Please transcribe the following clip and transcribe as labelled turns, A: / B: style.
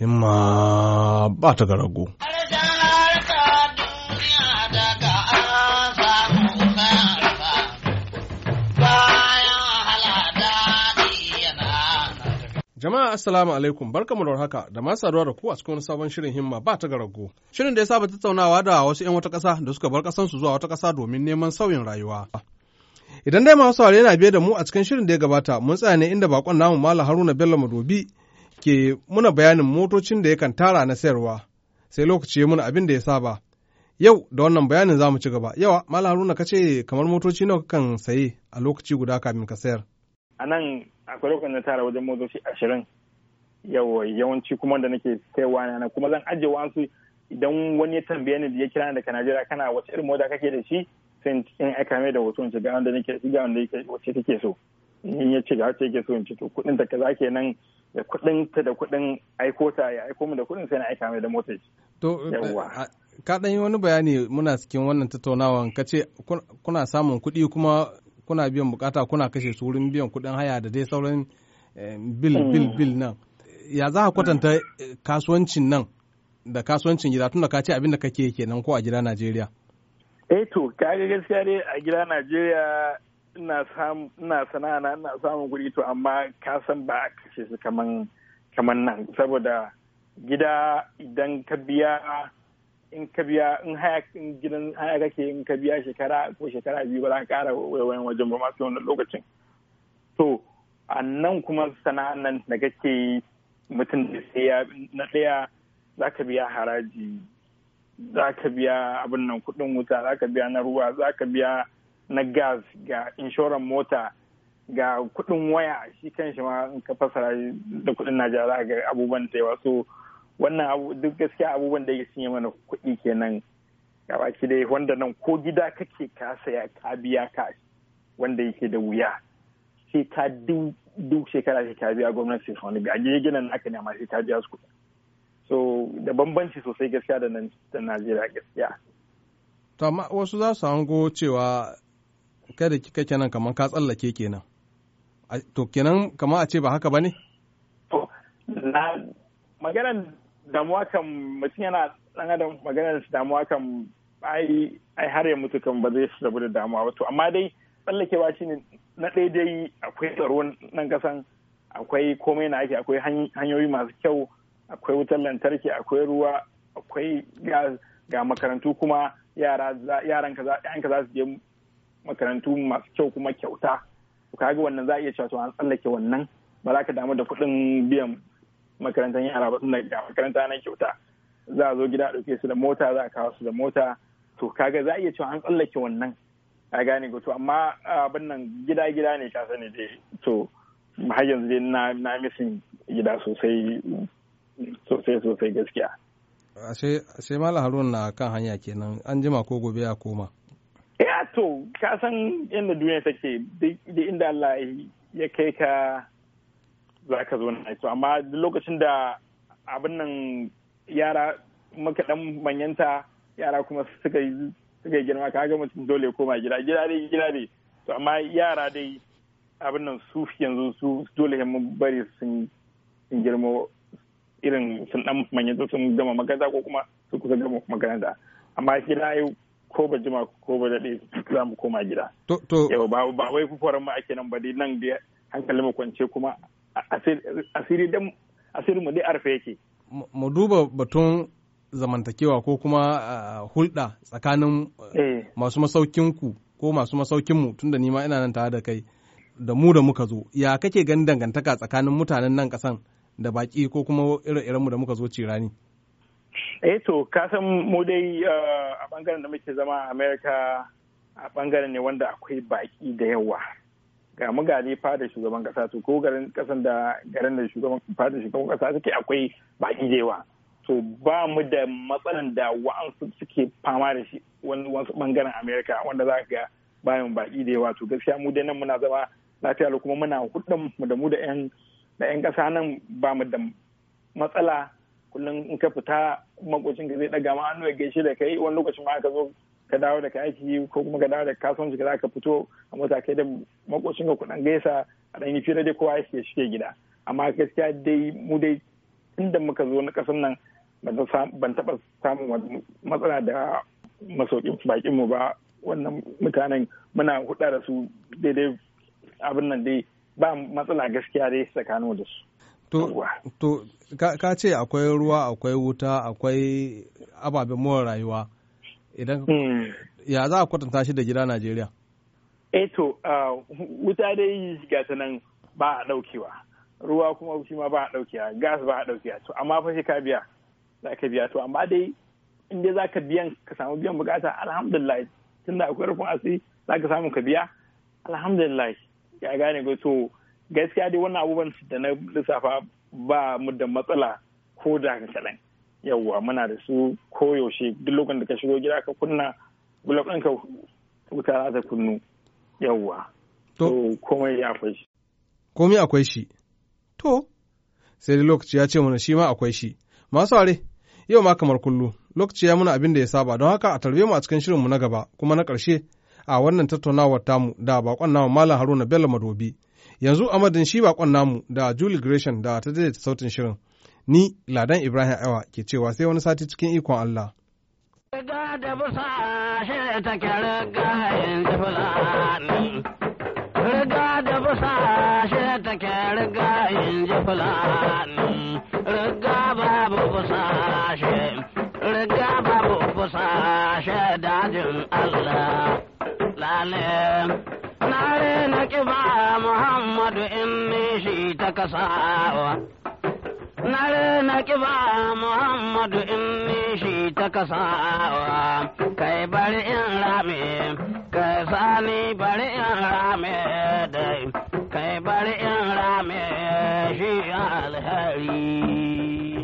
A: himma ba ta ga rago. Jama'a Assalamu alaikum barkamu da haka da masu saduwa da ku a cikin sabon shirin himma ba ta garago. Shirin da ya saba tattaunawa da wasu 'yan wata ƙasa da suka bar ƙasansu zuwa wata ƙasa domin neman sauyin rayuwa. Idan dai masu saurari yana biye da mu a cikin shirin da ya gabata mun tsaya ne inda bakon namu Malam Haruna Bello Madobi ke muna bayanin motocin da yakan tara na sayarwa sai lokaci ya muna abin da ya saba yau da wannan bayanin za mu ci gaba yawa mala haruna ka ce kamar motoci nawa kan saye a lokaci guda kafin ka sayar
B: a nan akwai lokacin na tara wajen motoci ashirin yau yawanci kuma da nake sayarwa na kuma zan ajiye wasu idan wani ya tambaye ni da ya kira ni daga najeriya kana wace irin mota kake da shi sai in aika mai da hoton ga wanda nake ga wanda wace take so in ya ce ga ce yake so in ci to kuɗin ta kaza kenan da kuɗin ta da kuɗin aiko ta ya aiko mu da kuɗin sai na aika mai da motar
A: to ka ɗan yi wani bayani muna cikin wannan tattaunawan ka ce kuna samun kuɗi kuma kuna biyan bukata kuna kashe su wurin biyan kuɗin haya da dai sauran eh, bil mm. bil bil nan ya za ka kwatanta eh, kasuwancin nan da kasuwancin gida tunda ka ce abin da kake kenan ko a gida Najeriya
B: eh to ka ga gaskiya dai a gida Najeriya ina sana'a na ina samun kuɗi to amma ka san ba a kashe su kaman nan saboda gida idan ka biya in ka biya in haya in gidan haya kake in ka biya shekara ko shekara biyu ba za ka ƙara wajen ba masu wani lokacin to a nan kuma sana'an nan da kake mutum da sai na ɗaya za ka biya haraji za ka biya abin nan kuɗin wuta za ka biya na ruwa za ka biya na gas ga inshoran mota ga kudin waya shi kan shi ma in ka fasara da kudin najeriya ga abubuwan da yawa so wannan duk gaskiya abubuwan da ya cinye mana kuɗi kenan baki dai wanda nan ko gida kake ka saya ka biya ka wanda yake da wuya sai ka duk shekara sai ka biya gwamnati su wani biya gina naka ne amma sai ka biya su so da bambanci sosai gaskiya da nan da najeriya gaskiya
A: to wasu za su hango cewa kada kika nan kamar ka tsallake kenan to kenan kamar a ce ba haka ba ne?
B: to na maganar damuwa kan mutum yana dan adam maganar damuwa kan ai ai har ya mutu kan ba zai rabu da damuwa ba to amma dai tsallakewa shine na dai dai akwai tsaro nan kasan akwai komai na ake akwai hanyoyi masu kyau akwai wutar lantarki akwai ruwa akwai ga makarantu kuma yaran ka za su je makarantu masu kyau kuma kyauta to kaga wannan za a iya cewa an tsallake wannan ba za ka damu da kuɗin biyan makarantar yara ba tunda ga makaranta na kyauta za a zo gida a ɗauke su da mota za a kawo su da mota to kaga za a iya cewa an tsallake wannan a gane go to amma ah, abin nan gida gida ne ka sani dai to har yanzu dai na na misin gida sosai sosai sosai gaskiya
A: sai ashe harun na kan hanya kenan an jima ko gobe ya koma
B: to ka san yadda duniya take da inda Allah ya kai ka za ka zo na to amma lokacin da abin nan yara dan manyanta yara kuma suka yi girma ka ga mutum dole koma gida gida dai gida dai to amma yara dai abin nan su yanzu su dole mun bari sun girma irin sun dan manyanta sun gama makaranta ko kuma su kusa gama makaranta amma gida yau ko ba jima ko ba daɗe za mu koma gida. Yau ba wai fara ma ake nan ba dai nan dai hankali mu kwance kuma asiri dan asiri mu dai arfe yake.
A: Mu duba batun zamantakewa ko kuma hulɗa tsakanin eh. masu masaukin ku ko masu masaukin mu tunda ni ma ina nan tare da kai da mu da muka zo ya kake ganin dangantaka tsakanin mutanen nan kasan da baki ko kuma ire-iren mu da muka zo cirani.
B: eh to kasan mu dai eh, a bangaren da muke zama a america a bangaren ne wanda akwai baki da yawa ga fa fada shugaban kasa to ko garin kasan da garin da shugaban fada shugaban kasa suke akwai baki da yawa to ba mu da matsalan da wa'ansu suke fama da shi wani bangaren america wanda za ka ga bayan baki da yawa to gaskiya mu dai nan muna zama lafiya kuma muna hudun mu da mu da yan da yan kasa nan ba mu da matsala kullum in ka fita makocin ka zai daga ma hannu ya gaishe da kai wani lokacin ma ka zo ka dawo daga aiki ko kuma ka dawo daga kasuwanci ka ka fito a matakai da makocin ka kuɗin gaisa a ɗan yi fira dai kowa ya shige gida amma gaskiya dai mu dai inda muka zo na ƙasar nan ban taɓa samun matsala da masaukin bakin mu ba wannan mutanen muna huɗa da su daidai abin nan dai ba matsala gaskiya dai tsakanin da su.
A: To, ka ce akwai ruwa, akwai wuta, akwai ababen more rayuwa. Idan hmm. ya za a kwatanta shi da gida Najeriya?
B: Eh to, wuta dai ga ta nan ba a daukewa Ruwa kuma shi ma ba a daukewa gas ba a daukewa To, amma fa ka biya, za ka biya. To, amma dai in dai za ka biyan, ka samu biyan bukata, alhamdulillah. Tunda akwai rufin asiri, za ka samu ka biya, alhamdulillah. Ya gane ko to, gaskiya dai wannan abubuwan da na lissafa ba mu da matsala ko da kaɗan yawwa muna da su koyaushe duk lokacin da ka shigo gida ka kunna bulab ɗinka wuta za ta kunnu yawwa to komai akwai shi
A: komai akwai shi to sai dai lokaci ya ce mana shi ma akwai shi masu ware yau ma kamar kullu lokaci ya muna abin da ya saba don haka a tarbe mu a cikin shirinmu na gaba kuma na ƙarshe a wannan tattaunawar tamu da bakon namu malam haruna bello madobi Yanzu a madadin shi bakon namu da Julie Gresham da ta daidaita sautin shirin. Ni Ladan Ibrahim Aiwa ke cewa sai wani sati cikin ikon Allah. Riga da busa shi ta kyara gayen jifulani. Riga da busa shi ta kyara gayen jifulani. Riga babu busa shi. Riga babu busa shi dajin Allah. Lale, na na kiba ya Muhammadu in shi ta Nare Na rena Muhammadu in shi ta kasawa, kai bari in rame, kai sani bari in rame dai, kai bari in rame shi alhari.